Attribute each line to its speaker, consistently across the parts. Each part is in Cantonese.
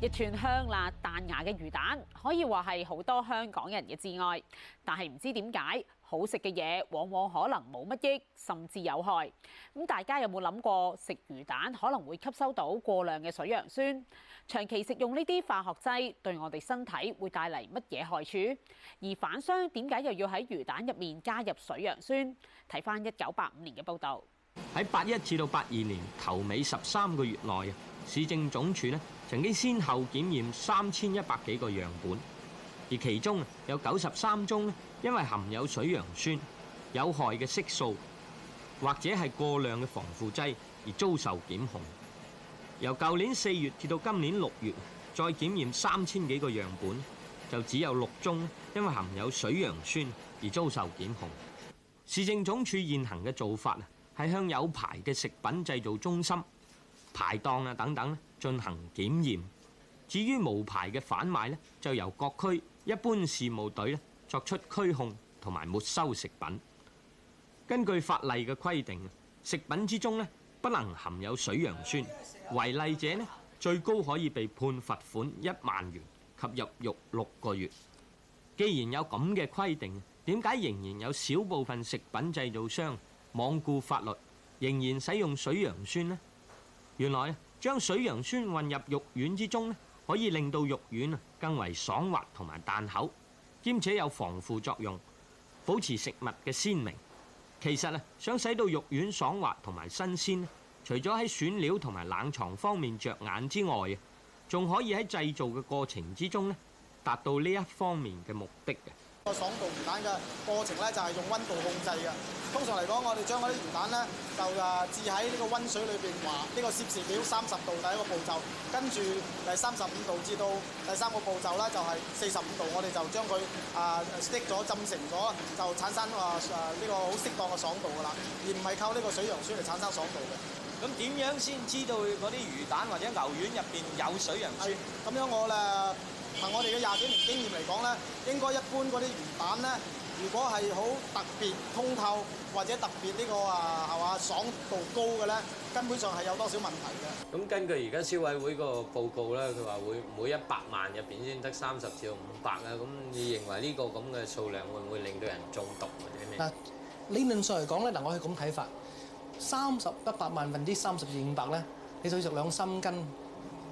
Speaker 1: 一串香辣彈牙嘅魚蛋可以話係好多香港人嘅至愛，但係唔知點解好食嘅嘢往往可能冇乜益，甚至有害。咁大家有冇諗過食魚蛋可能會吸收到過量嘅水楊酸？長期食用呢啲化學劑對我哋身體會帶嚟乜嘢害處？而販商點解又要喺魚蛋入面加入水楊酸？睇翻一九八五年嘅報道。
Speaker 2: 喺八一至到八二年頭尾十三個月內啊，市政總署咧曾經先後檢驗三千一百幾個樣本，而其中有九十三宗因為含有水楊酸有害嘅色素或者係過量嘅防腐劑而遭受檢控。由舊年四月至到今年六月，再檢驗三千幾個樣本，就只有六宗因為含有水楊酸而遭受檢控。市政總署現行嘅做法係向有牌嘅食品製造中心、排檔啊等等咧進行檢驗。至於無牌嘅販賣咧，就由各區一般事務隊咧作出驅控同埋沒收食品。根據法例嘅規定，食品之中咧不能含有水楊酸，違例者咧最高可以被判罰款一萬元及入獄六個月。既然有咁嘅規定，點解仍然有少部分食品製造商，罔顧法律，仍然使用水楊酸呢？原來將水楊酸混入肉丸之中呢，可以令到肉丸啊更為爽滑同埋彈口，兼且有防腐作用，保持食物嘅鮮明。其實啊，想使到肉丸爽滑同埋新鮮，除咗喺選料同埋冷藏方面着眼之外，仲可以喺製造嘅過程之中呢，達到呢一方面嘅目的。
Speaker 3: 個爽度魚蛋嘅過程咧，就係用温度控制嘅。通常嚟講，我哋將嗰啲魚蛋咧，就誒置喺呢個温水裏邊，話呢個攝氏表三十度第一個步驟，跟住第三十五度至到第三個步驟咧，就係四十五度，我哋就將佢誒 s 咗浸成咗，就產生誒誒呢個好適當嘅爽度噶啦，而唔係靠呢個水楊酸嚟產生爽度嘅。
Speaker 2: 咁點樣先知道嗰啲魚蛋或者牛丸入邊有
Speaker 3: 水楊酸？咁樣我咧憑我哋嘅廿幾年經驗嚟講咧，應該一般嗰啲魚蛋咧，如果係好特別通透或者特別呢個啊係嘛爽度高嘅咧，根本上係有多少問題嘅。
Speaker 2: 咁根據而家消委會個報告咧，佢話會每一百萬入邊先得三十至到五百啊。咁你認為呢個咁嘅數量會唔會令到人中毒或者咩？嗱，
Speaker 4: 理論上嚟講咧，嗱，我係咁睇法。三十一百萬分之三十至五百咧，30, 100, 000, 30, 500, 你就算食兩三斤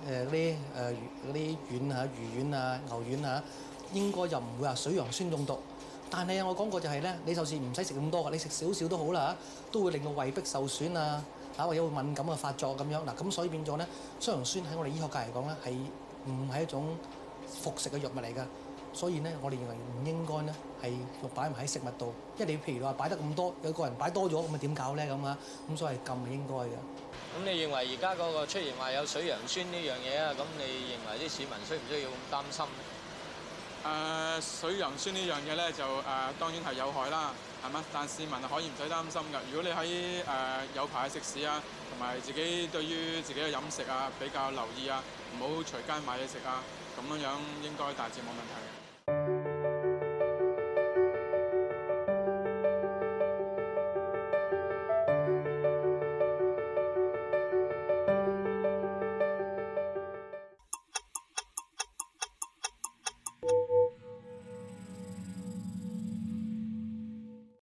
Speaker 4: 誒嗰啲誒魚嗰啲丸嚇魚丸啊牛丸啊，應該又唔會話水楊酸中毒。但係我講過就係、是、咧，你就算唔使食咁多你食少少都好啦嚇，都會令到胃壁受損啊，嚇或者會敏感啊發作咁樣嗱，咁、啊、所以變咗咧，水楊酸喺我哋醫學界嚟講咧係唔係一種服食嘅藥物嚟㗎。所以咧，我哋認為唔應該咧，係要擺喺食物度。即你譬如話擺得咁多，有個人擺多咗，咁咪點搞咧？咁啊，咁所以係咁應該嘅。
Speaker 2: 咁你認為而家嗰個出現話有水楊酸呢樣嘢啊？咁你認為啲市民需唔需要咁擔心？誒、呃，水楊酸呢樣嘢
Speaker 3: 咧就誒、呃、當然係有害啦，係嘛？但市民可以唔使擔心㗎。如果你喺誒、呃、有牌嘅食肆啊，同埋自己對於自己嘅飲食啊比較留意啊，唔好隨街買嘢食啊，咁樣樣應該大致冇問題。